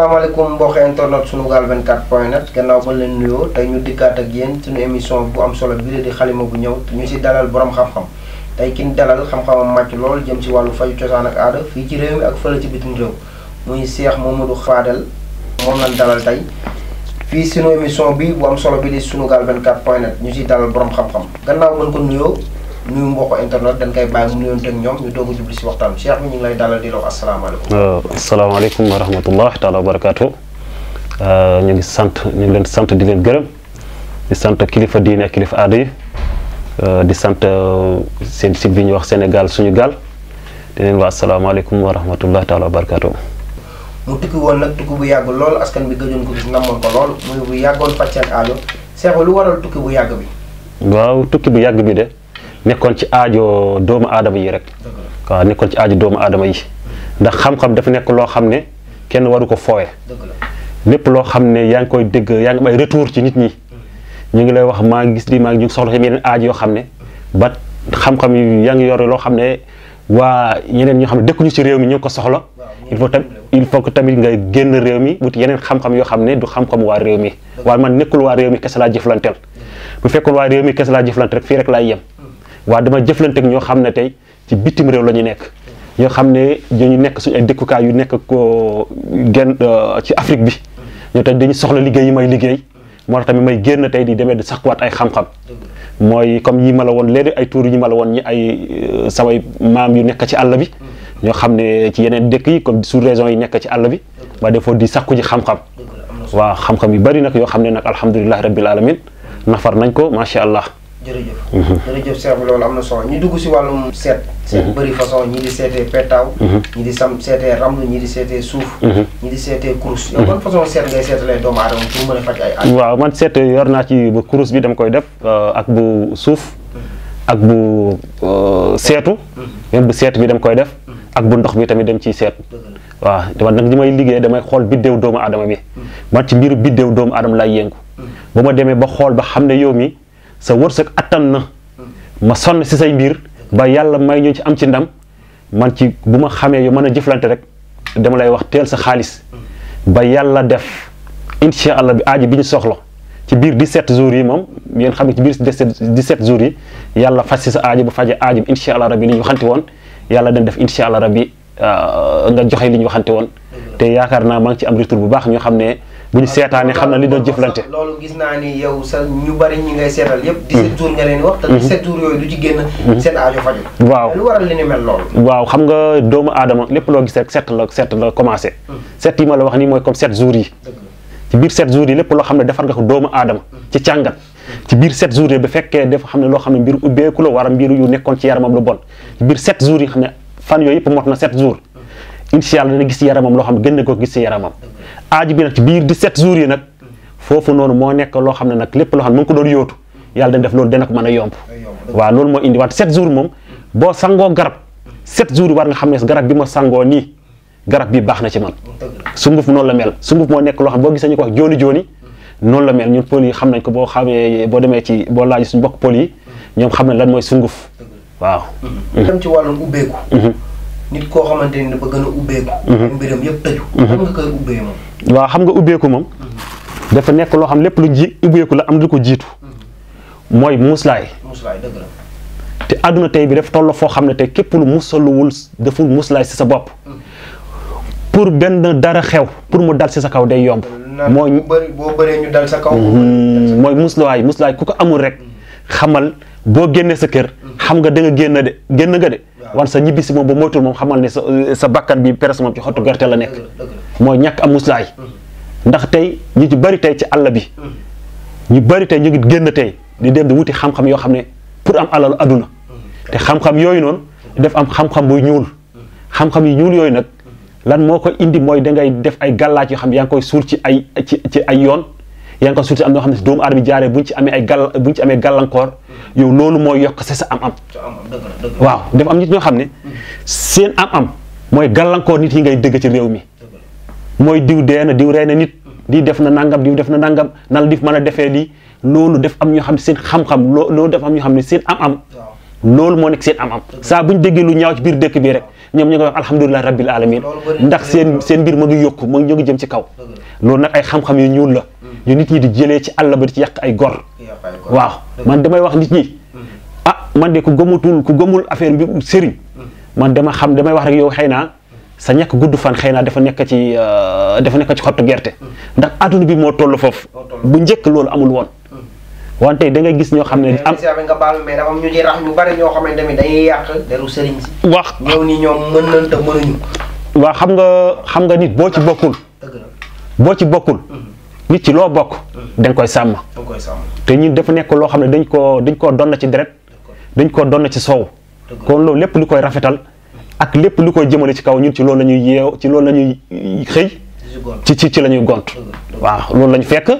asalaamaaleykum mbokki internet sunugal 24 point net gannaaw ba leen nuyoo tey ñu dikkaat ak yéen suñu émission bu am solo bii di xalima bu ñëw ñu si dalal boroom xam-xam tey kin dalal xam-xamam màcc lool jëm si wàllu faju cosaan ak aada fii ci réew mi ak fële ci bitim réew muy Cheikh Mamadou Fadel moom lañ dalal tey fii sunu émission bi bu am solo bi di sunugal 24 point net ñu si dalal boroom xam-xam gannaaw ba ko nuyu mbokk internet dañ koy bàyyi mu nuyoon teg ñoom ñu doog jubli si waxtaan bi Cheikh ñu lay dalal di la wax asalaamaaleykum. waaw asalaamaaleykum wa barakaatu. Euh, ñu ngi sant ñu ngi leen sant di leen gërëm sant kilifa diine ak kilifa aada euh, di sant euh, seen site bi ñuy wax senegal suñu gaal di leen wax asalaamaaleykum wa rahmatulah taala wa barakaatu. mu tukki woon nag tukki bu yàgg lool askan bi gëjoon ko gis namoon ko lool muy bu yàggoon fàcceel aajo Cheikh lu waral tukki bu yàgg bi. waaw tukki bu yàgg bi de. nekkoon ci aajo doomu aadama yi rek waaw nekkoon ci aajo doomu aadama yi ndax xam-xam dafa nekk loo xam ne kenn waru ko foowe lépp loo xam ne yaa ngi koy dëgg yaa ngi am ay retour ci nit ñi hmm. ñu ngi lay wax maa ngi gis di maa ngi ñu soxla ci yeneen aaj yoo xam ne ba xam-xam yaa ngi yore loo xam ne waa yeneen ñoo xam ne dëkkuñu ci mi ñu ko soxla il faut tam il faut que tamit ngay génn réew mi wuti yeneen xam-xam yoo xam ne du xam-xam waa réew mi waa man nekkul waa réew mi kese laa jëflanteel hmm. bu fekkul waa réew mi kese laa jëflante fii rek laay yem waa dama jëflante ñoo xam ne tey ci bitim réew la ñu nekk ñoo xam ne ñu nekk suñu ay dëkkukaay yu nekk ko genn euh, ci Afrique bi ñoo tey dañu soxla liggéey yi may liggéey moo tax may génn tey di demee di sakkuwaat ay xam-xam mooy comme yi ma la woon léegi ay tuur yi ma la woon ñi ay euh, samay maam yu nekk ci àll bi ñoo xam ne ci yeneen dëkk yi comme su région yi nekk ci àll bi ba defoo di sakku ji xam-xam waaw xam-xam yu bari nag yoo xam ne nag alhamdulilahi rabbil alamin nafar nañ ko macha allah jërëjëf mhm. jërëjëf Cheikh bi loolu am na solo ñu dugg si wàllum seet seet mhm. bëri façon ñii di seetee petaaw mhm. ñii di sam seetee ramlu ñii di seetee suuf ñii di seetee kurus yow ban façon seet ngay seetalee doomu aadama mën a faj waaw man seet yor naa ci bu kurus bi dama koy def euh, ak bu suuf ak bu euh, seetu même bu seet bi dama koy def ak bu ndox bi tamit dem ciy seet waa dama nag li may liggéey damay xool biddéew doomu aadama bi ma ci mbiru biddéew doomu aadama lay yëngu ba ma demee ba xool ba xam ne yow mi sa wërsëg attan na ma sonn si say mbir ba yàlla may ñu ci am ci ndam man ci bu ma xamee yu mën a jëflante rek dama lay wax teel sa xaalis ba yàlla def incha allah bi aaji bi ñu soxla ci biir 17 jours yi moom yéen xam ne ci biir 17 jours yi yàlla faj si sa aaji bu faje aaji bi incha allah rabbi li ñu waxante woon yàlla dañ def incha allah rabbi euh, nga joxe li ñu waxante woon te yaakaar naa maa ngi ci am retour bu baax ñoo xam ne bu ñu seetaanee xam na li doon jëflante. loolu gis naa ni yow sa ñu bari ñi seetal yëpp. 17 jours nga leen wax. te 17 mhm. jours yooyu du ci génn. Mhm. seen aajo faju waaw lu waral li ni mel loolu. waaw xam nga doomu aadama lépp loo gis rek la commencé. Mhm. set yi ma la wax nii mooy comme 7 jours yi. ci biir 7 jours yi lépp loo xam ne defar nga ko doomu aadama. ci càngat. ci biir 7 jours yi ba fekkee dafa xam ne loo xam ne mbir ubbeeku la war mbir yu nekkoon ci yaramam lu bon ci biir 7 jours yi xam ne fan yooyu yëpp mot na 7 jours. incha allah dana gis yaramam loo xam ne gën na ko gis ci yaramam aaji bi nag ci biir 17 jours yi nag foofu noonu moo nekk loo xam ne nag lépp loo xam ne mu ngi ko doon yóotu yàlla dañ def loolu dana ko a yomb waaw loolu moo indi waat 7 jours moom boo sangoo garab 7 jours war nga xam ne garab bi ma sangoo nii garab bi baax na ci man sunguf noonu la mel sunguf moo nekk loo xam ne boo gisee ñu ko wax jooni jooni noonu mel ñun xam nañ ko boo xamee boo demee ci boo laaj suñu mbokk pël yi ñoom xam nañ lan mooy sunguf waaw. dem nit koo xamante ni dafa gën a ubbeeku. Mhm. mbiram yëpp tëju. Mhm. xam nga koy ubbee waaw xam nga ubbeeku moom. Mhm. dafa nekk loo xam lépp lu ji ubbeeku la am du ko jiitu. mooy muslaay. muslaay te àdduna tey bi daf toll foo xam ne tey képp lu musaluwul deful muslaay si sa bopp. pour benn dara xew pour mu dal si sa kaw day yomb. mooy boo bëree mooy muslaay muslaay ku ko amul rek xamal. boo génnee sa kër mm-hmm. xam nga danga génn de génn nga de wan sa ñibbi si moom ba moytul moom xamal ne sa sa bakkan bi peres moom ci xottu gerte la nekk mooy ñàkk am muslaay mm-hmm. ndax tey ñu ci bari tey ci àll bi mm-hmm. ñu bari tey ñu ngi génn tey di dem di wuti xam-xam yoo xam ne pour am alalu aduna te xam yooyu noonu def am xam-xam bu ñuul xam-xam yu ñuul yooyu nag lan moo ko indi mooy da ngay def ay gàllaaj yoo xam ne yaa ngi koy suul ci ay ci ci ay yoon yaa ngi ko surtout am noo xam ne si doomu aadama jaaree buñ ci amee ay gàll buñ ci amee gàllankoor yow loolu mooy yokk sa sa am-am. waaw dafa am nit ñoo xam ne seen am-am mooy gàllankoor nit yi ngay dëgg ci réew mi mooy diw dee na diw rey na nit di def na nangam diw def na nangam nan la di mën a defee lii loolu def am ñoo xam ne seen xam-xam loo loolu def am ñoo xam ne seen am-am. loolu moo nekk seen am-am saa bu ñu déggee lu ñaaw ci biir dëkk bi rek ñoom ñu ngi wax alhamdulilah rabbil alamin ndax seen seen mbir ma ngi yokku ma ngi jëm ci kaw loolu nag ay xam yu ñuul la yu nit ñi di jëlee ci àll ba di ci yàq ay gor waaw man damay wax nit ñi mm-hmm. a ah, man de ku gëmatul ku gëmul affaire bi sëriñ mm-hmm. man dama xam damay wax rek yow xëy naa sa ñàkk gudd fan xëy naa dafa nekk ci euh, dafa nekk ci xottu gerte mm-hmm. ndax adduna bi moo toll foofu bu njëkk loolu amul woon wante da gis ñoo xam ne am nga baal mais dafa ne tamit dañuy yàq deru sëriñ si wax ñëw ni ñoom mën nañ te mënuñu waaw xam nga xam nga nit boo ci bokkul boo ci bokkul nit ci loo bokk mm. danga koy sàmm te ñun dafa nekk loo xam ne dañ koo dañ koo donna ci deret dañ koo donna ci soow kon loolu lépp lu koy rafetal ak lépp lu koy jëmale ci kaw ñun ci loolu la ñuy yeew ci loolu la ñuy xëy ci ci la ñuy gont waaw loolu lañ fekk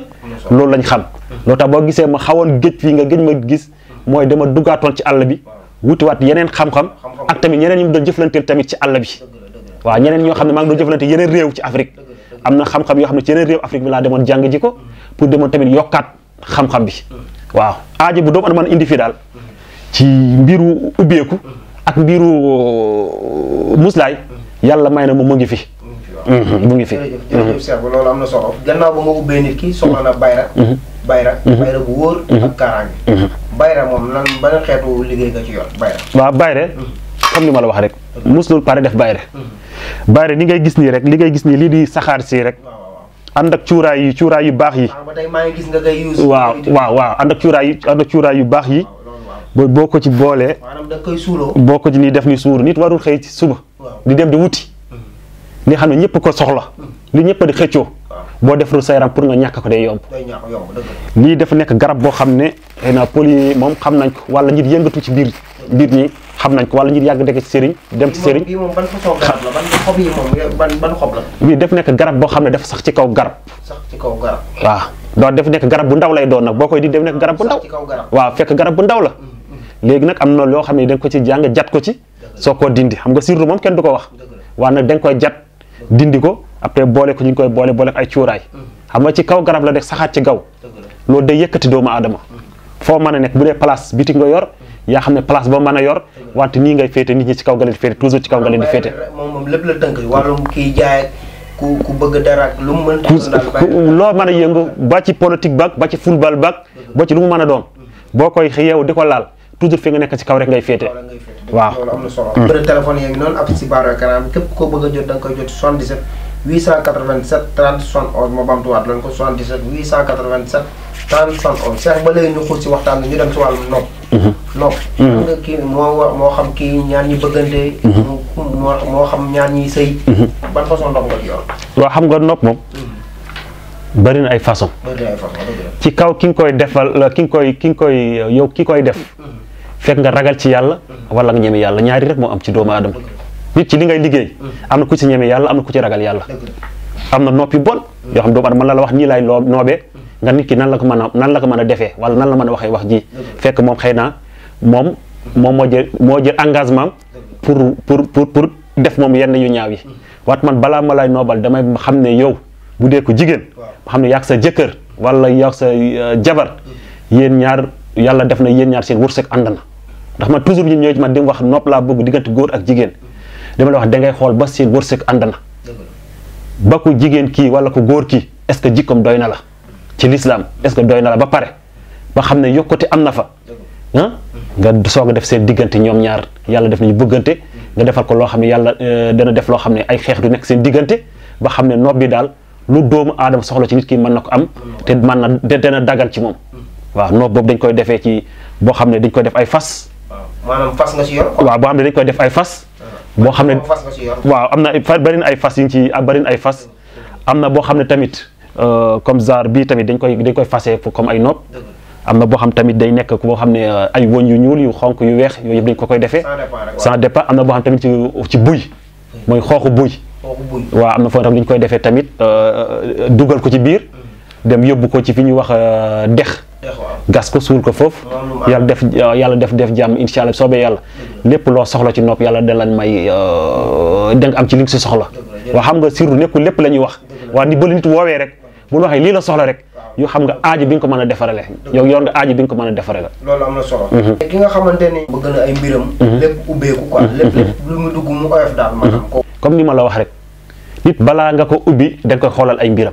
loolu lañ xam mm. loo tax boo gisee ma xawoon géej fii nga géej ma gis mm. mooy dama duggaatoon ci àll bi wutiwaat yeneen xam-xam ak tamit ñeneen ñu doon jëflanteel tamit ci àll bi waaw ñeneen ñoo xam ne maa am na xam-xam yoo xam ne ci yeneen réew Afrique bi laa demoon jàng ji ko pour demoon tamit yokkaat xam-xam bi waaw aajo bu doomu adama indi fii daal ci mbiru ubbeeku ak mbiru euh, muslaay yàlla may na moom mu ngi fi. mu ngi fi jërëjëf mm-hmm. Cheikh am na solo gannaaw ba nga ubbee nit ki soxla na bayra mm-hmm. bayra mm-hmm. bayra bu waaw bayre comme ni ma la wax rek muslul pare def bayre bari ni ngay gis nii rek li ngay gis nii lii di saxaar si rek ànd ak cuuraay yi cuuraay yu baax yi. Ah, waaw waaw waaw ànd ak cuuraay yi ànd ak yu baax yi. ba boo ko ci boolee. boo ko ci nii def ni suuru nit warul xëy ci suba. di dem di wuti. li hmm. xam ne ñëpp ko soxla. Hmm. li ñëpp di xëccoo. boo deful sa yaram pour nga ñàkk ko day yomb. lii dafa nekk garab boo xam ne xëy na poli moom xam nañ ko wala nit yëngatu ci biir biir ñi. xam nañ ko wala ñu yàgg dëkk ci sëriñ dem ci sëriñ bii def nekk garab boo xam ne dafa sax ci kaw garab waaw doo def nekk garab bu ndaw lay doon nag boo koy di def nekk garab bu ndaw waaw fekk garab bu ndaw la mm, mm. léegi nag am na loo xam ne da nga ko ci jàng jat ko ci soo koo dindi xam nga surtout moom kenn du ko wax waaye nag da nga koy jat dindi ko après boole ko ñu ngi koy boole boole ko ay cuuraay mm. xam nga ci kaw garab la def saxaat ci gaw loolu day yëkkati doomu aadama foo mën a nekk bu dee place biti nga yor yaa xam ne place boo mën a yor wante nii ngay féete nit ñi ci kaw nga leen di féete toujours ci kaw nga leen di féete. ku ku bëgg dara loo mën a yëngu ba ci politique bak ba ci football bak ba ci lu mu mën a doon boo koy yeewu di ko laal toujours fi nga nekk ci kaw rek ngay féete. waaw na solo. numéro mm. téléphone yaa ngi noonu ak si baaru cent soixante ci waxtaan bi ñu ci wàllum nopp. Mhm. Mhm. xam nga moo kii ñaar ñi bëggante. Mhm. moo xam ñaar ñi sëy. ban façon nopp moom. bari na ay façon ci kaw ki nga koy defal ki nga koy ki nga koy yow ki koy def fekk nga ragal ci yàlla wala nga ñeme yàlla ñaari rek moo am ci doomu aadama nit ci li ngay liggéey am na ku ci ñeme yàlla am na ku ci ragal yàlla am na nopp yu bon yoo xam doomu aadama mën la la wax nii laay loo nga nit ki nan la ko mën a nan la ko mën a defee wala nan la mën a waxee wax ji fekk moom xëy na moom moom moo jël moo jël engagement pour pour pour pour def moom yenn yu ñaaw yi waat man balaa ma lay noobal damay xam ne yow bu dee ko jigéen ma xam ne yàq sa jëkkër wala yaag sa euh, jabar yéen ñaar yàlla def na yéen ñaar seen wërsëg ànd na ndax man toujours ñun ñooy man di wax nopp laa bëgg diggante góor ak jigéen dama la wax da xool ba seen wërsëg ànd na ba ko jigéen kii wala ko góor kii est-ce que jikkoom doy na la ci lislaam est-ce que doy na la ba pare ba xam ne yokkute am na fa ah nga soog a def seen diggante ñoom ñaar yàlla def nañu bëggante nga defal ko loo xam ne yàlla euh, dana def loo xam ne ay xeex du nekk seen diggante ba xam ne bi daal lu doomu aadama soxla ci nit mën na ko am te mën na dana dagal ci moom waaw noob boobu dañ koy defee ci boo xam ne dañ koy def ay fas maanaam fas nga ci waaw boo xam ne dañ koy def ay fas ah. boo xam ne waaw am na bari na ay fas yi ci ah, bari na ay fas am na boo xam ne tamit Euh, comme genre bii tamit dañ koy dañ koy fase comme ay nopp am na boo xam tamit day nekk koo xam ne euh, ay wëñ yu ñuul yu xonk yu weex yooyu yëpp dañ ko koy defee sans départ am na boo xam tamit ci buy mooy xooxu buy waa am na foo xam dañ koy defee tamit euh, dugal ko ci biir dem yóbbu ko ci fi ñuy wax dex gas ko suul ko foofu yàlla def yàlla def def jàmm incha soobee yàlla lépp loo soxla ci nopp yàlla da lañ may da nga am ci li si soxla waa nga surtout nekkul lépp la ñuy wax waa ni ba nit woowee rek bu ñu waxee lii la soxla rek yu xam nga aajo bi nga ko mën a defarale yow yor nga aaji ko mën a defarale loolu am na solo mhm. ki nga xamante ni ay mbiram mhm. lépp mhm. comme ni ma la wax rek nit balaa nga ko ubbi da koy xoolal ay mbiram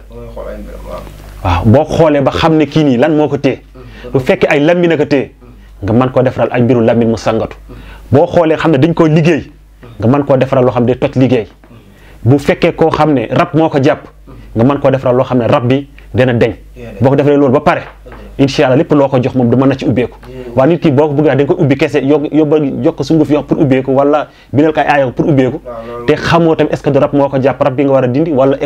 waaw boo xoolee ba xam ne kii nii lan moo ko téye bu fekkee ay lambi ko téye nga mën koo defaral ay mbiru lambi mu sangatu boo xoolee xam ne dañ koy liggéey nga mën koo defaral loo xam ne day toj liggéey bu fekkee koo xam ne rab moo ko jàpp nga mën koo defaral loo xam ne rab bi dana deñ boo ko defaree loolu ba pare incha allah lépp loo ko jox moom du mën na ci ubbeeku waaye nit ki boo ko bëggee da nga ko ubbi kese yokk yóbbal jox ko sunguf tam est-ce que moo ko jàpp rab bi nga war a dindi wala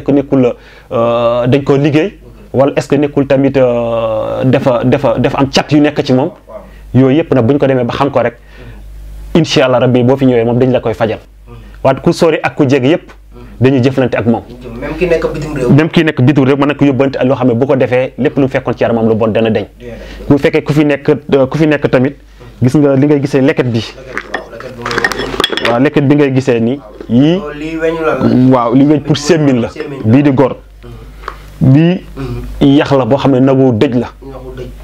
euh, dañ koo liggéey wala est-ce que nekkul tamit euh, dafa dafa dafa am cat yu nekk ci moom yooyu yëpp nag bu ñu ko demee ba xam ko rek mm-hmm. incha allah rabbi boo fi ñëwee moom dañ la koy fajal mm-hmm. waaye ku sori ak ku jeg yëpp dañuy jëflante ak moom. même ki nekk bitim réew. même nekk bitim réew mën na ko yóbbante loo xam ne bu ko defee lépp lu mu fekkoon ci yaramam lu bon dana deñ bu fekkee ku fi nekk ku fi nekk tamit gis nga li ngay gisee lekket bi. waaw lekket bi ngay gisee nii. yii waaw li weñ pour semmin la. bii di gor. bii mhm. yax la boo xam ne nagu dëj la.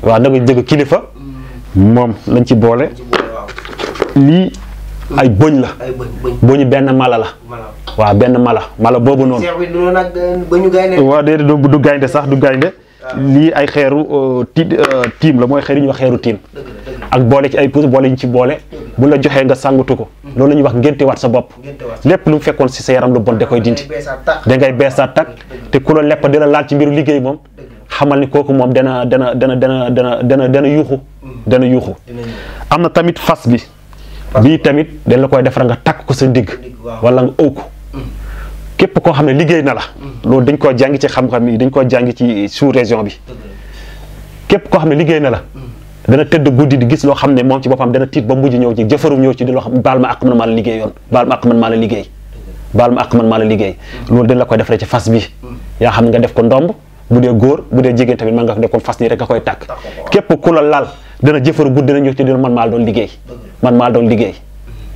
waaw nagu dëj kilifa. Mhm. moom lañ ci boole. lii ay bëñ la. bëñu benn mala la. waaw benn mala mala boobu noonu. Euh, waaw déedéet du gaynde sax du gaynde ah. lii ay xeeru euh, ti euh, tiim la mooy xeer yi ñuy wax xeeru tiim ak boole ci ay puus boole ñu ci boole bu la joxee nga sàngatu ko mm-hmm. loolu la ñuy wax ngente waat sa bopp lépp lu mu fekkoon si sa yaram lu bon da koy dindi da ngay beesaat tak te ku la lepp dina laal ci mbiru liggéey moom xamal ni kooku moom dana dana dana dana dana dana dana yuuxu mm-hmm. dana yuuxu am na tamit fas bi bii tamit dañ la koy defar nga takk ko sa ndigg wala ko képp koo xam ne liggéey na la. loolu dañ koo jàng ci xam-xam yi dañ koo jàng ci sous région bi. képp koo xam ne liggéey na la. dana tëdd guddi di gis loo xam ne moom ci boppam dana tiit ba mujj ñëw ci jëfaru ñëw ci di loo xam baal ma ak man maa la liggéey yoon baal ma ak liggéey. baal ma ak man dañ la koy defaree ci fas bi. yaa xam nga def ko ndomb bu dee góor bu dee jigéen tamit mën nga ko def ko fas nii rek nga koy tàkk. képp ku la laal dana jëfaru guddi dana ñëw ci di man maa doon liggéey. man maa doon liggéey.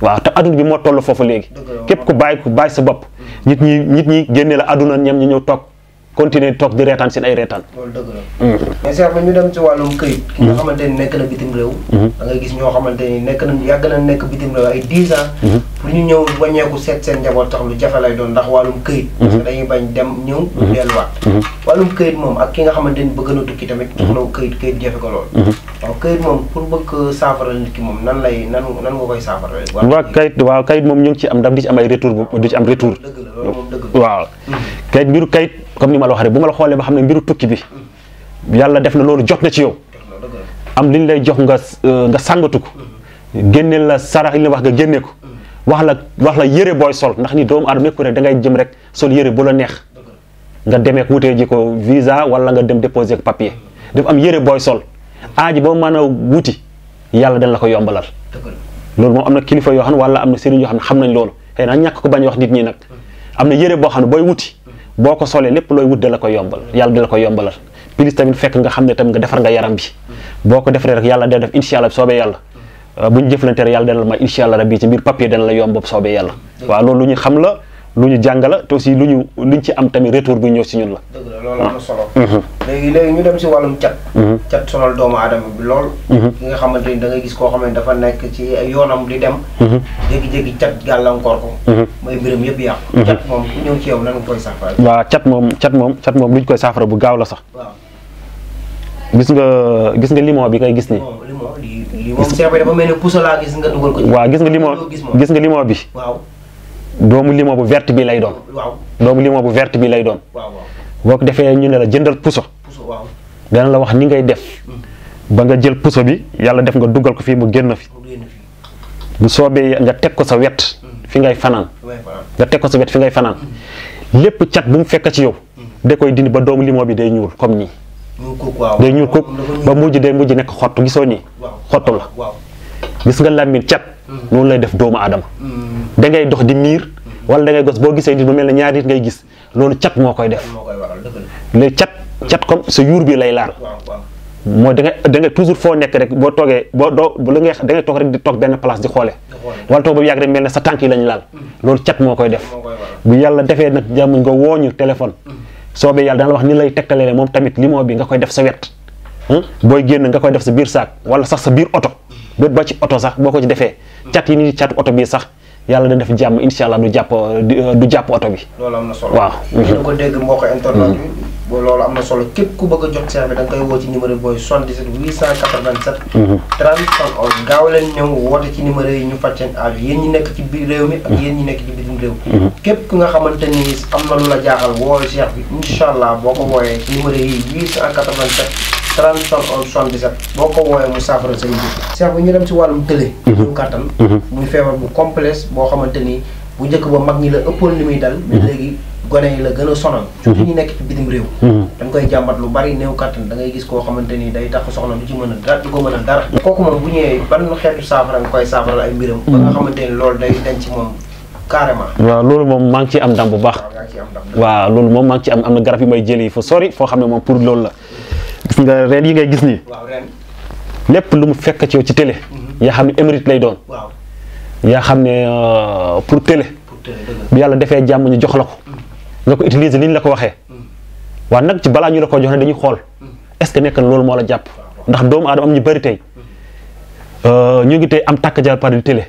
waaw te adduna bi moo toll foofu léegi. képp ku bàyyi ku bàyyi sa bopp nit ñi nit ñi génne la àdduna ñam ñi ñëw top continuer toog di reetaan seen ay reetaan. loolu dëgg la. Hmm. mais Cheikh ba ñu dem ci wàllum këyit. Hmm. ki nga xamante nekk na bitim réew. Hmm. da gis ñoo xamante ni nekk nañ yàgg na nekk bitim réew ay 10 ans. ñu ñëw wàññeeku seet seen njaboot tax lu jafe lay doon ndax wàllum këyit. parce que dañuy dem ñëw. lu delluwaat. wàllum këyit moom ak ki nga xamante ni bëgg na tukki tamit. soxla këyit këyit jafe ko lool. waaw këyit moom pour bëgg ki moom nan lay nan nan nga koy saafara. waaw këyit waa këyit moom ñu ngi ci am daf di ci am ay retour bu du ci am retour. dëgg la loolu moom dëgg la waaw këyit mbiru këyit comme ni ma la wax la xoolee ba xam ne mbiru tukki yàlla def na loolu jot na ci yow am li ñu lay jox nga euh, nga sàngatu ko génneel la sarax li wax nga génne ko wax la wax la yére booy sol ndax ni doomu aadama nekku rek da ngay jëm rek sol yére bu la neex nga demee wutee ji ko visa wala nga dem déposer ak papier dafa am yére booy sol aaji ba mën a wuti yàlla dañ la ko yombalal loolu moom am na kilifa yoo xam ne wala am na sëriñ yoo ne xam nañ loolu xëy na ñàkk ko bañ wax nit ñi nag am na yére boo xam ne booy wuti boo ko solee lépp looy wut da ko yombal yàlla da ko yombalal pilis tamit fekk nga xam ne tamit nga defar nga yaram bi boo ko defaree rek yàlla day def incha allah soobee yàlla euh, bu ñu jëflante yàlla dana la may incha allah rabbi ci mbir papier dana la yomb soobee yàlla waaw loolu ñu xam la lu ñu jàngala te aussi lu ñu luñ ci am tamit retour bu ñëw si ñun la. dëgg solo. Ah. Mhm. léegi léegi ñu dem si wàllum cat. Mhm. cat sonal doomu aadama bi lool. Mhm. ki nga xamante ni dangay gis koo xam ne dafa nekk ci yoonam di dem. jékki-jékki cat gàllankoor ko. mooy yëpp yàqu. cat moom ku ñëw cat moom cat moom cat moom luñ koy saafara bu gaaw la sax. gis nga gis nga limon bi ngay gis ni puso laa gis nga gis nga limon gis nga limon bi. waaw doomu limon bu verte bi lay doon. waaw doomu limon bu verte bi lay doon. boo ko defee ñu ne la jëndal puso. dana la wax ni ngay def. Mm. ba nga jël puso bi yàlla def nga dugal ko fi mu génn fi. bu soobee nga teg ko sa wet. Mm. fi ngay fanaan. nga teg ko sa wet fi ngay fanaan. Mm. lépp cat bu mu fekk ci yow. da koy dindi ba doomu limon bi day ñuul comme nii. day ñuul kooku ba mujj day mujj nekk xottu gisoo nii. xottu la. gis nga làmmiñ cat noonu lay def doomu aadama mm. da ngay dox di miir wala da ngay gos boo gisee nit mu mel ne ñaari nit ngay gis loolu cat moo koy def léegi cat cat comme sa yuur bi lay laal mooy da ngay da ngay toujours foo nekk rek boo toogee boo doo la ngay da ngay toog rek di toog benn place di xoole wala toog ba yàgg rek mel ne sa tànk yi lañ laal mm. loolu cat moo koy def bu yàlla defee nag jàmm nga wooñu téléphone mm. soobee yàlla dana la wax ni lay tegtalee moom tamit limon bi nga koy def sa wet Hmm? booy génn nga koy def sa biir saak wala sax sa biir oto bét ba ci oto sax boo ko ci defee cat yi ni catu oto bii sax yàlla da def jàmm incha allah du jàpp euh, du jàpp oto bi. loolu am na solo waaw. Mhm. ko dégg mbokk internet bi. Mhm. loolu am na solo képp ku bëgg a jot service da nga koy woo ci numéro booy mhm. gaaw leen ñëw yi ñu faj seen aaj yéen nekk ci biir réew mi ak yéen ñi nekk ci bitim réew. képp ku nga xamante ni am na lu la jaaxal woo Cheikh bi incha boo ko wooyee ci numéro yi 887. 37 11 77 boo ko woowee mu saafara say mbir. Cheikh bi ñu dem ci wàllum tële. ñu mhm. kàttan. Mhm. muy feebar bu complexe boo xamante ni bu njëkk ba mag ñi la ëppoon li muy dal. mais mhm. léegi gone yi la gën a sonal. surtout ñu nekk ci bitim réew. dañ koy jàmbat lu bari new kàttan da ngay gis koo xamante ni day tax soxna du ci mën a dara du ko mën a dara. kooku moom bu ñëwee ban xeetu saafara nga koy saafaral ay mbiram. ba nga xamante lool loolu day dañ ci moom. carrément loolu moom maa ngi ci am bu baax. waaw loolu moom maa ngi ci am am na garab moom pour loolu la gis nga yi ngay gis nii. lépp lu mu fekk ci ci télé. Mhm. yaa xam ne émérite lay doon. yaa xam ne euh, pour télé. bu yàlla defee jàmm ñu jox la ko. Mhm. nga ko utiliser ni ñu la ko waxee. Mhm. waaw nag ci balaa ñu la ko joxe dañuy xool est-ce que nekk loolu moo la jàpp ndax doomu aadama am ñu bari tey euh, ñu ngi tey am tàkk jabar par du télé.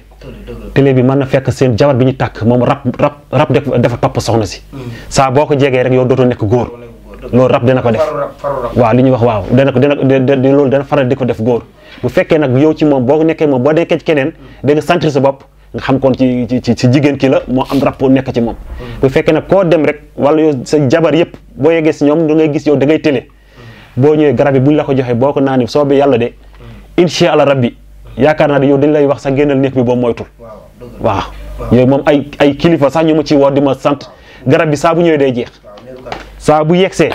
télé bi mën na fekk seen jabar bi ñu takk moom rab rab rab topp soxna si. saa boo ko jegee rek yow dootoo nekk góor. loolu rab dana ko def waaw li ñuy wax waaw dana ko dana loolu dana faral di ko def góor bu fekkee nag yow ci moom boo nekkee moom boo nekkee da nga sentir sa bopp nga xam kon ci ci ci jigéen ki la moo am rab bu fekkee nag koo dem rek wala yow sa jabar yëpp boo yeggee si ñoom da ngay gis yow da télé boo ñëwee garab yi bu la ko joxee boo ko naanee soobee yàlla de incha allah rabbi yaakaar naa ne yow dañ lay wax sax génnal néeg bi boo moytul waaw yooyu moom ay ay kilifa sax ñu ma ci woo di ma sant garab bi saa bu ñëwee saa bu yegsee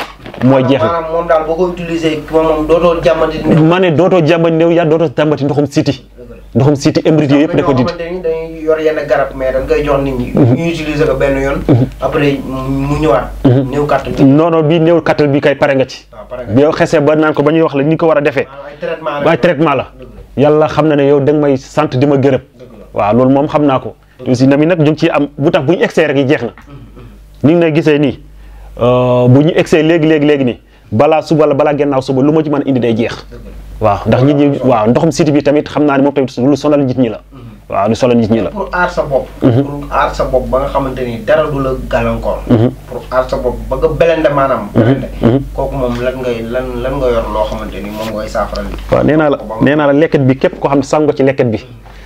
mooy jeex na maanaam moom daal boo ko utilisé moom dootoo jàmbati. ma ne dootoo jàmbati néew yaa dootoo jàmbati ndoxum siti ndoxum siti imbriqué yëpp da ko dindi. dañuy yor yenn garab mais dañ koy jox nit ñi. Mhm. ñu utiliser ko benn yoon. Mhm. après mu ñëwaat. Mhm. bi non bii kàttal bi kay pare nga ci. bi ah, yow xesee ba naan ko ba ñuy wax la ñu ko war a defee. waaw ah, ay traitement la yàlla xam na ne yow da may sant di ma gërëm. waaw loolu moom xam naa ko. aussi na mi nag ñu ngi ciy am bu tax bu ñu egsee rek yi jeex na. ni nga gisee nii Euh, bu ñu egsee léegi léegi léegi nii balaa suba la balaa gennaaw suba lu ma ci mën indi day jeex waaw ndax nit ñi waaw ndoxum siti bi tamit xam naa ne moom tamit lu sonal nit ñi la mhm. waaw lu sonal nit ñi la pour aar sa mhm. sa bopp ba nga xamante ni dara du la gàllankoor mhm. sa bopp ba nga belende maanaam belende kooku lan ngay lan lan nga loo xamante ni moom nee naa la nee naa la lekket bi képp koo xam ne sàngo ci lekket bi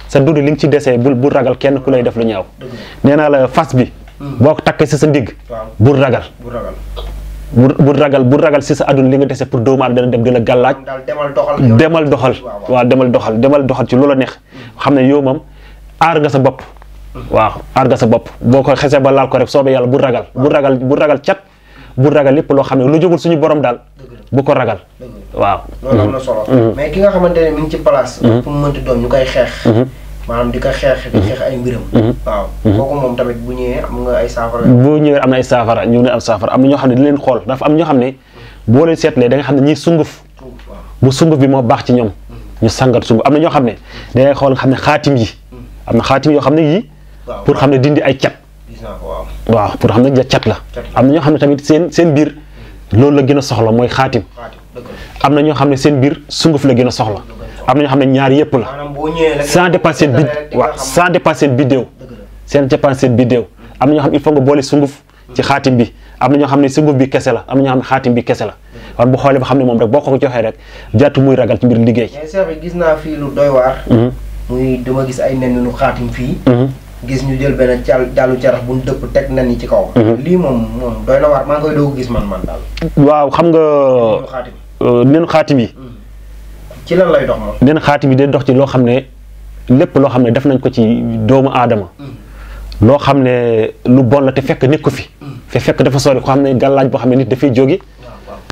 sa dund li nga ci desee bul bul ragal kenn ku lay def lu ñaaw nee la fas bi boo ko takkee si sa digg bul ragal bu ragal bul ragal si sa àdduna li nga dese pour doomu aadama dana dem di la gàllaaj demal doxal waaw demal doxal demal doxal ci loola neex xam ne yow moom aar nga sa bopp hmm. waaw aar nga sa bopp boo ko xesee ba laal ko rek soobee yàlla bu ragal bul ragal bul ragal cat bu ragal lépp loo xam ne lu jógul suñu borom daal bu ko ragal waaw loolu am maanaam di ko xeex di xeex moom tamit bu ñëwee am ay saafara. boo ñëwee am na ay saafara ñëw ne am saafara am na ñoo xam ne di leen xool dafa am ñoo xam ne boo leen seetlee da nga xam ne ñii sunguf bu sunguf bi moo baax ci ñoom ñu sangat sunguf am na ñoo xam ne da xool xam ne xaatim yi am na xaatim yoo xam ne yii pour xam ne dindi ay cat waaw pour xam ne ja cat la am na ñoo xam ne tamit seen seen biir loolu la gën a soxla mooy xaatim am na ñoo xam ne seen biir sunguf la gën a soxla am na ñoo xam ne ñaar yëpp la sans dépasser seen bi waaw sans dépasser seen biddéew am na ñoo xam ne il faut nga boole sunguf ci hmm. xaatim bi am na ñoo xam ne sunguf bi kese la am na ñoo xam ne xaatim bi kese la hmm. kon bu xoolee ba xam moom rek boo ko joxee rek jàttu muy ragal ci mbir liggéey. mais Cheikh naa fii lu doy waar. Hmm. muy dama gis ay nen nu xaatim fii. gis ñu jël benn cal jàllu jarax bu dëpp teg nen yi ci kaw. lii moom moom doy na waar maa ngi koy doog gis man waaw xam nga. Euh, nenu xaatim yi. ci lan lay dox moom. bi de ndox ci loo xam ne lépp loo xam ne def nañ ko ci doomu aadama. Mm. loo xam ne lu bon la te fekk nekku fi. Mm. te fekk dafa sol koo xam ne gàllaaj boo xam ne nit dafay jóge.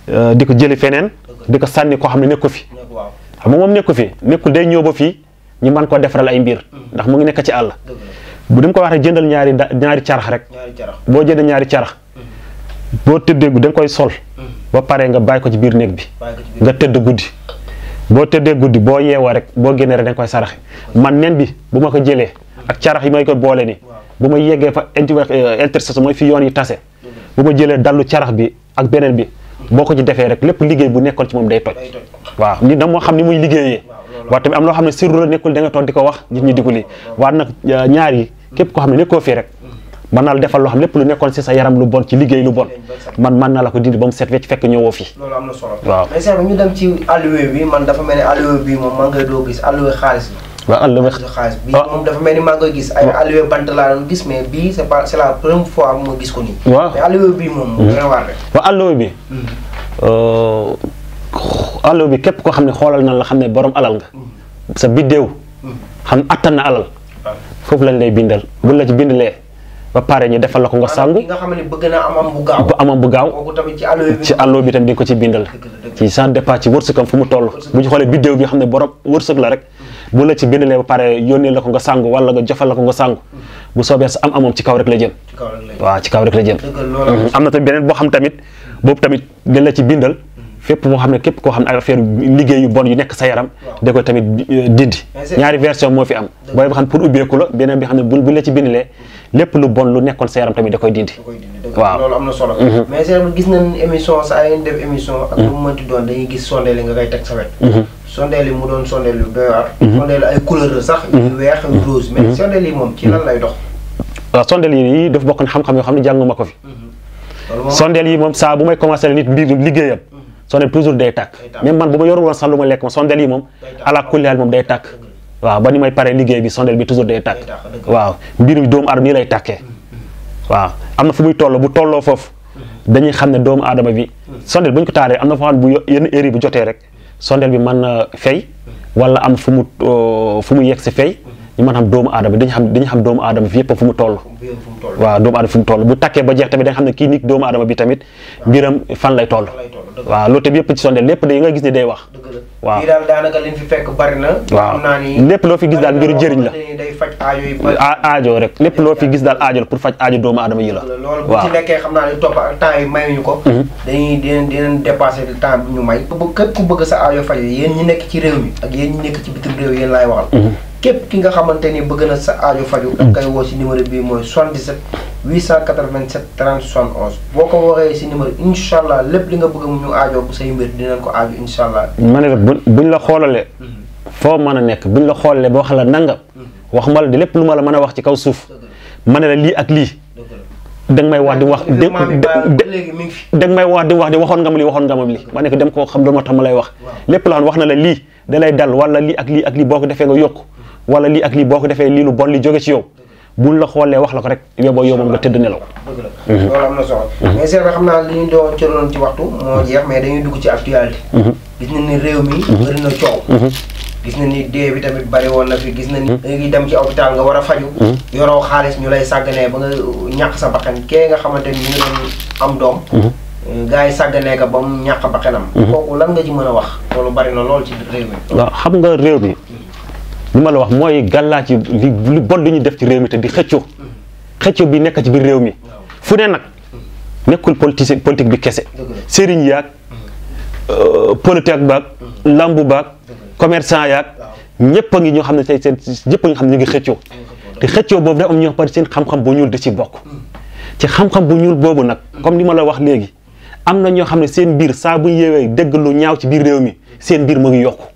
di ko jëlee feneen. di ko sànni koo xam ne nekk ko fi. xam nga moom nekk ko fi nekkul day ñëw ba fii ñu mën koo defaral ay mbir. Mm. ndax mu ngi nekk ci àll. bu dem ko wax rek jëndal ñaari ñaari carax rek. boo jëndee ñaari carax. boo tëddee guddi da koy sol. boo paree nga bàyyi ko ci biir néeg bi. nga tëdd guddi. boo tëddee guddi boo yeewoo rek boo génnee rek da nga koy saraxe man nen bi bu ma ko jëlee ak carax yi may koy boole ni bu ma yeggee fa euh, intercession mooy fi yoon yi tase bu ma jëlee dallu carax bi ak beneen bi boo ko ci defee rek lépp liggéey bu nekkoon ci moom day toj waaw nit nag moo xam ni muy liggéeyee waaw tamit am loo xam ne sirru la nekkul danga nga di ko wax nit ñi di ko lii waaye nag euh, ñaar yi képp koo xam ne nekkoo fii rek mën naa la defal loo xam lépp lu nekkoon ci sa yaram lu bon ci liggéey lu bon man mën naa la ko dindi ba mu set wecc fekk ñëwoo fi. solo waaw. mais sëñ bi ñu dem ci man dafa mel ni alluwa bi moom gis alluwa xaalis bi. waaw alluwa xaalis bi ah. dafa mel ni maa ngi koy gis ay ah. alluwa bant laa gis mais bii c'est pas c'est la première fois ma gis ko nii. waaw mais alluwa bi moom. mu ngi war rek. Hmm. Euh, bi. képp koo xam ne xoolal na la xam ne borom alal nga. Hmm. sa biddéew. Hmm. xam attan na alal. Ah. foofu lañ lay bindal buñ la ci bind bindalee ba pare ñu defal la ko nga sangu. xam ne bëgg naa amam bu gaaw. amam bu gaaw ci àllo bi tam di ko ci bindal. ci sans départ ci wërsëgam fu mu toll. bu ñu xoolee biddéew bi xam ne borom wërsëg la rek. bu la ci bindalee ba pare yónnee la ko nga sangu wala nga jofal ko nga sangu. bu soobee sa am amoom ci kaw rek la jëm. waaw ci kaw rek la jëm. Mhm. am na tamit beneen boo xam tamit. boobu tamit dañ la ci bindal. Mhm. fépp moo xam ne képp koo xam ne ay affaire liggéey yu bon yu nekk sa yaram da koy tamit euh, dindi ñaari version moo fi am booy boo xam ne pour ubbeeku la beneen bi xam ne bu bu la ci bindalee lépp lu bon lu nekkoon sa yaram tamit da koy dindi. waaw loolu am na solo. Mhm. mais seen gis nañ émission saa yéen def émission. ak lu mhm. mu gis sondeel yi nga koy teg sa wet. Mhm. sondeel yi mu doon sondeel yu doy waar. sondeel sax. yu weex yu rose. mais sondeel yi moom ci lan lay dox. waaw sondeel yi daf bokk xam-xam yoo xam ne jànguma ko fi. sondeel yi moom saa bu may commencé nit mbir liggéeyam. sondeel toujours day tàkk. même bu ma yorul woon sax lu ma lekk moom sondeel yi moom. ala kulli moom day tàkk waaw ba ni may pare liggéey bi sondeel bi toujours day tàkk waaw mbirum doomu aadama nii lay tàkkee mm-hmm. waaw am na fu muy toll bu tolloo foofu mm-hmm. dañuy xam ne doomu aadama bi mm-hmm. sondeel bu ñu ko taalee am na foo xam ne bu yenn heure bu jotee rek sondeel bi mën na fay wala am fu mu oh, fu mu yegg si fay ñu mën xam doomu aadama dañu xam dañu xam doomu aadama fi yëpp fu mu toll waaw doomu aadama fu mu toll bu takkee ba jeex tamit da nga xam ne kii nit doomu aadama bi tamit mbiram fan lay toll waaw loolu tamit yëpp ci sondeel lépp day nga gis ne day wax waaw waaw lépp loo fi gis daal ngir jëriñ la aajo rek lépp loo fi gis daal aajo la pour faj aajo doomu aadama yi la waaw bu mhm. képp ku bëgg sa aajo faj yéen ñi nekk ci réew mi ak yéen ñi nekk ci bitim réew yéen laay waxal mhm. képp ki nga xamante ni bëgg na sa aajo faju mm. da koy woo si numéro bii mooy 77 887 30 71 boo ko waxee si numéro incha allah lépp li nga bëgg mu ñu aajoo ko say mbir dinañ ko aajo incha allah. ma la buñ mm-hmm. foo mën a nekk buñ la xoolalee boo xam nangam. Mm-hmm. wax ma la di lépp lu ma la mën a wax ci kaw suuf. ma ne la lii ak lii. da nga may wax di wax di da nga may wax di wax di waxoon nga ma lii waxoon nga ma lii ma nekk dem koo xam lu ma tax ma lay wax lépp la wax na la lii da lay dal wala lii ak lii ak lii boo ko defee nga yokk wala lii ak lii boo ko defee lii lu bon li jóge ci yow buñ la xoolee wax la ko rek yóbboo yow moom nga tëdd nelaw. dëgg la mhm. loolu am na solo. Mhm. mais c'est vrai xam naa li ñu doon cëroon ci waxtu moo jeex mais dañuy mhm. ni réew mi. bëri na coow. gis na ni dee bi tamit bari woon na fi gis na ni. léegi dem ci hôpital nga war a faju. yoroo xaalis ñu lay sàgganee ba nga ñàkk sa bakkan kee nga xamante ni ñu am doom. gars yi sàgganee ko ba mu ñàkk bakkanam. kooku lan nga ci mën a wax loolu bari na lool ci réew mi. waaw xam nga réew mi. li ma la wax mooy gàllaa ci li lu bon ñu def ci réew mi te di xëccoo xëccoo bi nekk ci biir réew mi fu ne nag nekkul politique politique bi kese sëriñ yaag euh, politique ak baag lambu baag commerçant yaag ñëpp a ngi ñoo xam ne tey seen ñëpp a xam ne ñu ngi xëccoo te xëccoo boobu dafa am ñoo xam seen xam-xam bu ñuul di ci bokk ci xam-xam bu ñuul boobu nag comme ni ma la wax léegi am na ñoo xam ne seen biir saa bu ñu dëgg lu ñaaw ci biir réew mi seen biir mu ngi yokku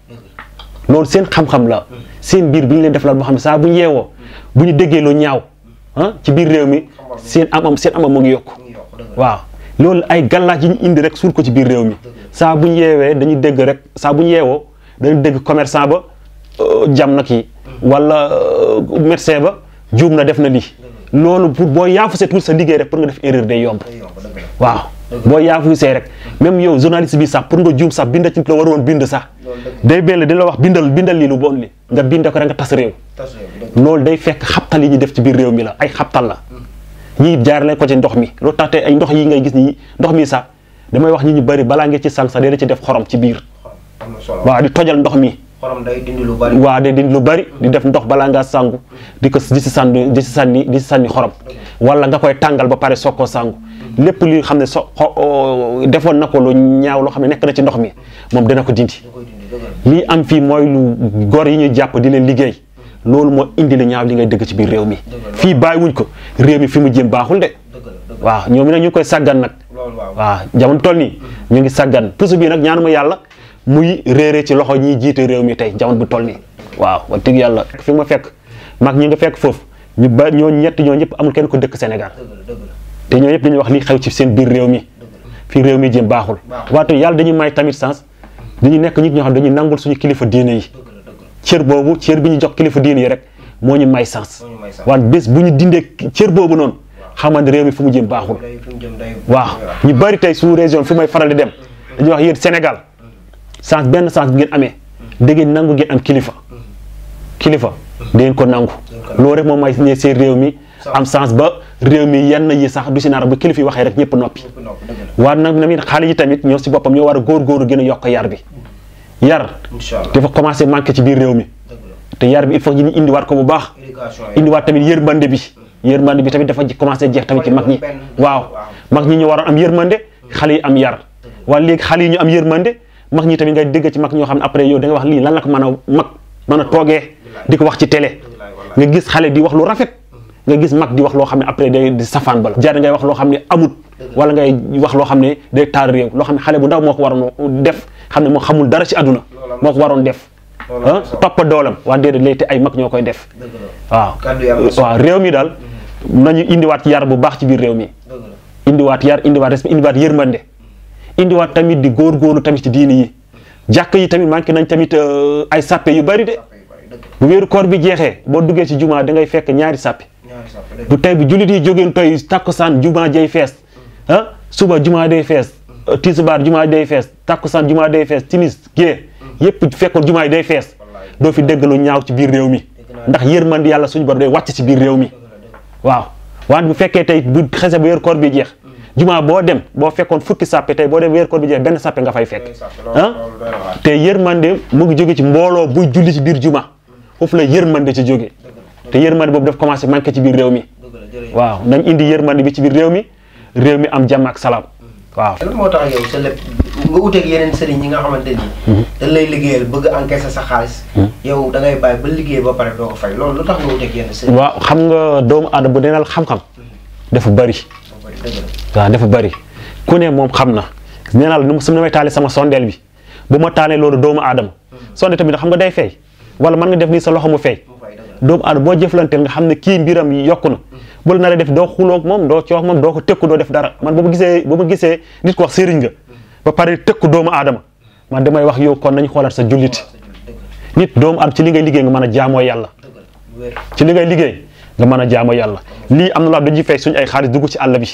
loolu seen xam-xam la seen biir bu ñu leen defalal boo xam ne saa bu ñu yeewoo bu ñu déggee lu ñaaw ah ci biir réew mi seen am-am seen am-am mu ngi yokku waaw loolu ay gàllaaj yi ñu indi rek suul ko ci biir réew mi saa bu ñu yeewee dañuy dégg rek saa bu ñu yeewoo dañuy dégg commerçant ba euh, jam na kii wala euh, médecin ba juum na def na lii loolu pour boo yaafu setul sa liggéey rek pour nga def erreur day yomb waaw. boo yaafu see rek même yow journaliste bi sax pour nga jum sax bind ci la waroon bind sax day benn di la wax bindal bindal lii lu bon li nga bind ko rek nga tas réew loolu day fekk xabtal yi ñu def ci biir réew mi la ay xabtal la hmm. ñii jaarale ko ci ndox mi loolu tax te ay ndox yi ngay gis nii ndox mi sax damay wax ñi ñu bëri balaa nga ci sànq sax dee ci def xorom ci biir waaw di tojal ndox mi xorom day dindi lu bari. waaw day dindi lu bari di def ndox balaa ngaa sangu di ko di si sànni di si sànni di si sànni xorom wala nga koy tàngal ba pare soog koo sangu lépp li xam ne so defoon na ko lu ñaaw loo xam ne nekk na ci ndox mi moom dina ko dindi. lii am fii mooy lu góor yi ñuy jàpp di leen liggéey loolu moo indi lu ñaaw li ngay dëgg ci biir réew mi fii bàyyiwuñ ko réew mi fi mu jëm baaxul de. waaw ñoom nag ñu ngi koy sàggan nag. waaw jamono toll nii ñu ngi sàggan puso bii nag ñaanuma yàlla muy réere ci loxo ñiy jiite réew mi tey jamono bu toll nii waaw wax dëgg yàlla fi ma fekk mag ñi nga fekk foofu ñu ba ñoo ñett ñoo ñëpp amul kenn ko dëkk Sénégal te ñoo ñëpp dañuy wax li xew ci seen biir réew mi fii réew mi jëm baaxul waatu yàlla dañuy may tamit sens dañuy nekk nit ñoo xam dañuy suñu kilifa diine yi boobu cër bi ñu jox kilifa diine yi rek moo ñu may sens waaye bés bu ñu dindee cër boobu noonu xamante réew mi fu mu jëm baaxul waaw ñu bari tey suñu région fi may faral di dem dañuy wax yéen Sénégal chance benn chance bi ngeen amee da nangu ngeen am kilifa kilifa da ngeen ko nangu loolu rek moom mooy ne seen réew mi am chance ba réew mi yenn yi sax du si naar ba kilifa yi waxee rek ñëpp noppi waaye nag na xale yi tamit ñoo si boppam ñoo war a góor-góoru gën a yokk yar bi yar dafa commencé manqué ci biir réew mi te yar bi il faut ñu indiwaat ko bu baax indiwaat tamit yërmande bi yërmande bi tamit dafa commencé jeex tamit ci mag ñi waaw mag ñi ñu war a am yërmande xale yi am yar waaye léegi xale yi ñu am yërmande mag ñi tamit ngay dégg ci mag ñoo xam ne après yow da nga wax lii lan la ko mën a mag mën a toogee di ko wax ci tele nga gis xale di wax lu rafet nga gis mag di wax loo xam ne après day di safaan bala jaar ngay wax loo xam ne amut wala ngay wax loo xam ne day taar réew loo xam ne xale bu ndaw moo ko waroon def xam ne moo xamul dara ci àdduna moo ko waroon def ah toppa doolam waa déedéet léegi te ay mag ñoo koy def waaw waaw réew mi daal mm-hmm. nañu indiwaat yar bu baax ci biir réew mi indiwaat yar indiwaat respect indiwaat yërmande indiwaat tamit di góor góorgóorlu tamit ci diini yi jàkk yi tamit manqué nañ tamit euh, ay sàppe yu bari de bu wéeru koor bi jeexee boo duggee si jumaa da ngay fekk ñaari sàppe bu tey bu jullit yi jógeen toy tàkkusaan jumaa jay fees ah suba jumaa day fees mm. tisbaar jumaa day fees tàkkusaan jumaa day fees timis gée mm. yépp fekk jumaa yi day fees doo fi dégg lu ñaaw ci biir réew mi ndax yërmande yàlla suñu borom day wàcc ci biir réew mi waaw wante bu fekkee tey bu xese bu wéeru bi jeex jumaa boo dem boo fekkoon fukki sàppe tey boo dem weer koor bi jeex benn sàppe nga fay fekk ah te yërmande mu ngi jóge ci mbooloo buy julli ci biir juma foofu la yërmande ci jóge te yërmande boobu def commencé manqué ci biir réew mi waaw nañ indi yërmande bi ci biir réew mi réew mi am jàmm ak salaam mm. waaw. moo tax yow sa lépp nga yeneen sëriñ yi nga xamante ni. Mm-hmm. lay liggéeyal bëgg encaisser sa xaalis. Mm-hmm. yow da ngay bàyyi liggéey ba pare doo ko loolu tax nga uteeg yeneen xam nga doomu aadama bu neenal xam-xam mm-hmm. dafa bari waaw dafa bëri ku ne moom xam na nee naa la nu may taale sama sondeel bi bu ma taalee loolu doomu aadama sondeel tamit xam nga day fay wala mën nga def nii sa loxo mu fay doomu aadama boo jëflanteel nga xam ne kii mbiram yokku na bu la naree def doo xuloog moom doo coox moom doo ko tëkku doo def dara man bu ma gisee bu ma gisee nit ko wax sëriñ nga ba pare tëkku doomu aadama man damay wax yow kon nañ xoolaat sa jullit nit doomu aadama ci li ngay liggéey nga mën a jaamoo yàlla ci li ngay liggéey nga mën a jaamoo yàlla lii am na loo dañuy fay suñ ay xaalis dugg ci àll bi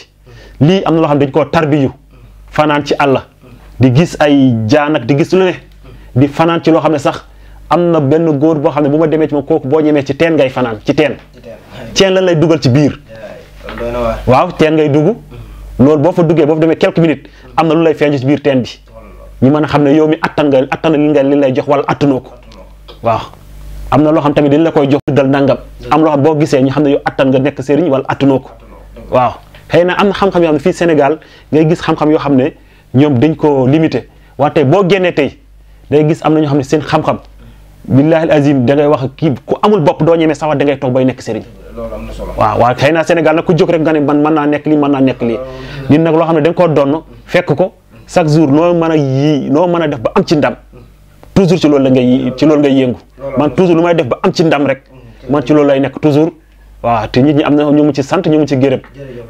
lii am na loo xam dañ koo tarbiyu fanaan ci àll di gis ay jaan ak di gis lu ne di fanaan ci loo xam ne sax am na benn góor boo xam ne bu ma demee ci ma kooku boo ñemee ci teen ngay fanaan ci teen teen lan lay dugal ci biir waaw teen ngay dugg loolu boo fa duggee boo fa demee quelques minutes am na lu lay feeñ ci biir teen bi ñu mën a xam ne yow mi attan nga attan li nga lay jox wala attanoo ko waaw am na loo xam tamit dañ la koy jox dal nangam am loo boo gisee ñu xam ne yow attan nekk sëriñ wala attanoo ko waaw xëy na am na xam-xam yoo xam ne fii Sénégal ngay gis xam yoo xam ne ñoom dañ ko limité waaye tey boo génnee tey day gis am na ñoo xam ne seen xam-xam billahi azim da ngay wax kii ku amul bopp doo ñemee sax da ngay toog bay nekk sëriñ loolu waaw waaw xëy na Sénégal nag ku jóg rek nga ne man mën naa nekk lii mën naa nekk lii nit nag loo xam ne da nga koo donn fekk ko chaque jour noo mën a yii mën a def ba am ci ndam toujours ci loolu la ngay ci loolu ngay yëngu man toujours lu may def ba am ci ndam rek man ci loolu lay nekk toujours waaw te nit ñi am na ñu mu ci sant ñu mu ci gërëm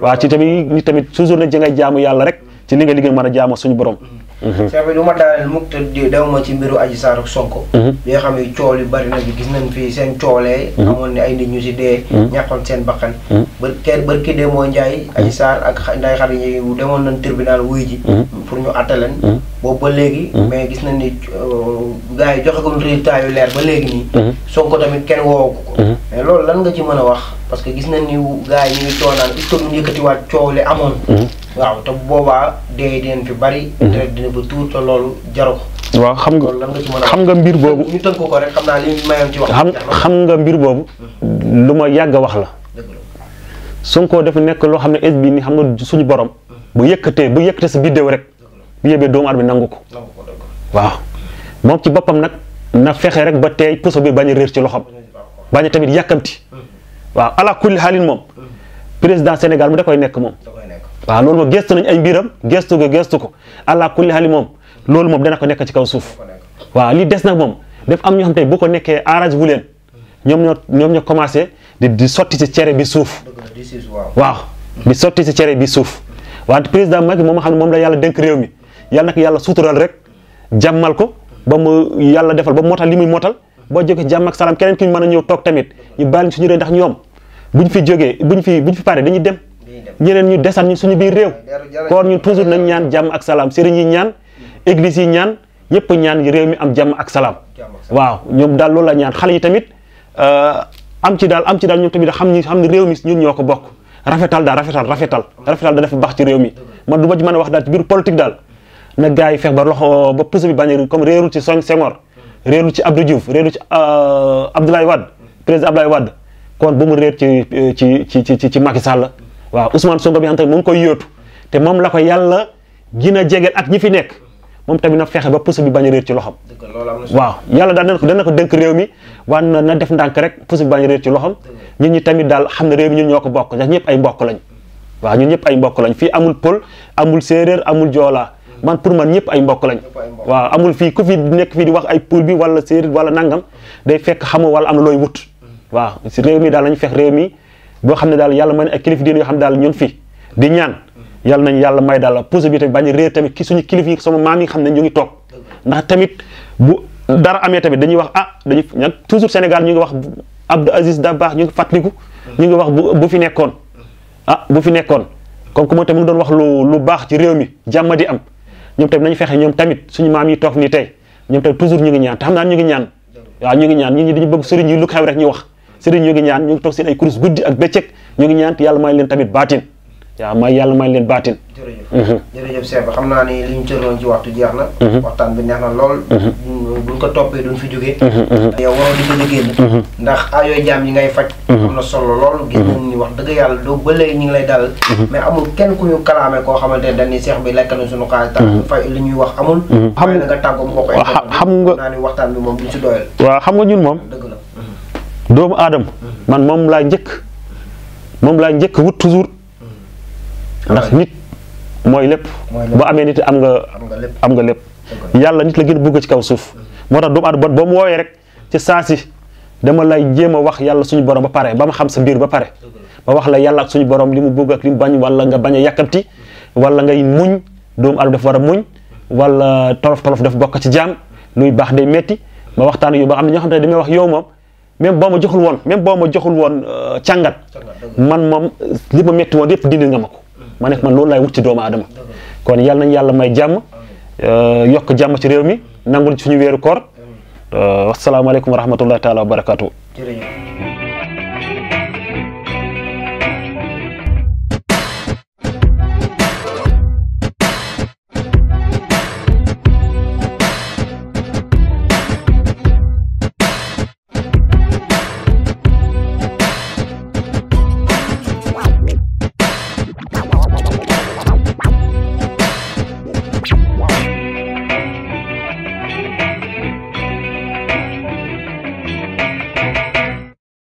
waaw ci tamit nit tamit toujours na jë ngay jaamu yàlla rek ci li nga liggéey mën a jaamu suñu borom Mhm. Cheikh bi du ma daaneel mukk te daw ma ci mbiru Adji Sarr ak Sonko. li mhm. xam ne cool yu bari na bi gis nañ fii seen coolee. Mhm. amoon ne ay nit ñu si dee. ñàkkoon seen bakkan. ba kër ba kii de moo Ndiaye. Adji Sarr ak Ndeye Khady Ndiaye demoon nañ tribunal wuy ji. pour ñu atte leen. boobu ba léegi. mais gis nañ ni euh, gars yi joxe ko résultat yu leer ba léegi nii. Sonko tamit kenn woowu ko. mais loolu lan nga ci mën a wax parce que gis nañ ni gars yi ñu ngi coonaan est-ce que duñ yëkkatiwaat amoon. waaw te boobaa dee dinañ bari. deret mhm. dina fa xam nga xam nga mbir boobu. ñu tënk xam naa li mayoon ci wax. xam xam nga mbir boobu. Mhm. lu ma yàgg wax la. Sonko dafa nekk loo xam ne es ni xam nga suñu borom. Mhm. bu yëkkatee bu yëkkatee sa biddéew rek. bu yebee doomu aadama nangu ko. waaw moom ci boppam nag na fexe rek ba tey puso bi bañ a réer ci loxoom. bañ tamit yàkkamti. waaw ala kulli xaalin moom. président Sénégal mu da koy nekk moom. waaw loolu moom gëstu nañ ay mbiram gëstu ko gëstu ko allah kulli hali moom loolu moom dana ko nekk ci kaw suuf waaw li des nag moom def am ñoo xam te ko nekkee arrangé wu leen ñoom ñoo ñoom ñoo commencé di sotti ci cere bi suuf waaw di sotti ci cere bi suuf wante président Macky moom xam ne moom la yàlla dénk réew mi yàlla nag yàlla sutural rek jàmmal ko ba mu yàlla defal ba mootal li muy mootal boo jógee jàmm ak salaam keneen ki ñu mën a ñëw toog tamit ñu bàyyi suñu réew ndax ñoom buñ fi jógee buñ fi buñ fi pare dañuy dem ñeneen ñu desal ñu suñu biir réew kon ñu toujours nañ ñaan jàmm ak salaam sëriñ yi ñaan église yi ñaan ñëpp ñaan réew mi am jàmm ak salaam waaw ñoom daal loolu la ñaan xale yi tamit euh, am ci daal am ci daal ñoom tamit xam ni xam ni réew mi ñun ñoo ko bokk rafetal daal rafetal rafetal rafetal da dafa baax ci réew mi man du ma ci mën a wax daal ci biir politique daal na gars yi fex ba loxo ba pousse bi bañ comme réerul ci Soñ Senghor réerul ci Abdou Diouf réerul ci euh, Abdoulaye Wade président Abdoulaye Wade kon ba mu réer ci ci ci ci ci Macky Sall waaw Ousmane Sonko bi nga xam koy yóotu te moom la ko yàlla gina jegeel ak ñi fi nekk moom tamit na fexe ba pousse bi bañ a réer ci loxam waaw yàlla daal dana ko dénk réew mi wan na def ndànk rek pousse bañ a réer ci loxam ñun ñi tamit daal xam ne réew mi ñun ñoo ko bokk ndax ñëpp ay mbokk lañ waaw ñun ñëpp ay mbokk lañ fii amul pël amul séeréer amul joolaa man pour man ñëpp ay mbokk lañ waaw amul fii ku fi nekk fii di wax ay pël bi wala séeréer wala nangam day fekk xamoo wala am na looy wut mm. waaw réew mi daal lañ fekk réew mi boo xam ne daal yàlla may ne ay kilifa diine yoo daal ñun fii di ñaan yàlla nañ yàlla may daal possibilité bi bañ réer tamit ki suñu kilif yi sama maam ne ñu ngi toog ndax tamit bu dara amee tamit dañuy wax ah dañu nag toujours Sénégal ñu ngi wax Abdou Aziz Dabakh ñu ngi fàttaliku ñu ngi wax bu bu fi nekkoon ah bu fi nekkoon comme que moom tamit mu doon wax lu lu baax ci réew mi jàmma di am ñoom tamit nañu fexe ñoom tamit suñu maam yi toog nii tey ñoom tamit toujours ñu ngi ñaan te xam naa ñu ngi ñaan waaw ñu ngi ñaan ñi ñi dañu bëgg sëriñ ñu lu xew rek ñu wax sëriñ ñu ngi ñaan ñu ngi toog seen ay kurus guddi ak bëccëg ñu ñaan te yàlla may leen tamit baatin yàlla may leen baatin mhm. ni li ñu cëroon ci waxtu jeex mhm. mhm. ko toppee duñ fi jógee ndax ayoo jaam yi ngay faj am na solo lool gis nañ ni wax dëgg yàlla doo ba léegi ñu ngi lay dalal mais amul kenn ku ñu kalaame koo xamante ne dañuy Cheikh bi lekk na suñu xaalis tax fay li ñuy wax amul xam na nga tàggoo mu ko xam nga naa ni waxtaan bi moom duñ si doyal xam nga ñun moom doomu aadama man moom laa njëkk moom laa njëkk wut toujours ndax nit mooy lépp boo amee nit am nga nga lépp yàlla nit la gën a bëgg ci kaw suuf moo tax doomu aadama ba mu woowee rek ci saa si dama lay jéem a wax yàlla suñu borom ba pare ba ma xam sa mbiir ba pare ba wax la yàlla ak suñu borom li mu bëgg ak li mu bañ wala nga bañ a yàkkamti wala ngay muñ doomu aadama daf war a muñ wala tolof tolof daf bokk ci jaam luy baax day metti ma waxtaan yu ba am na ñoo xam wax yow moom même boo ma joxul woon même boo ma joxul woon euh, càngat man moom li ma métti woon yëpp dindi nga ma ko mm. ma nekk man loolu laay wut ci doomu aadama kon yàlla nañ yàlla may jàmm euh, yokk jàmm ci réew mi nangul suñu weeru koor euh, wasalaamaaleykum wa rahmatullahi taala wa barakaatu.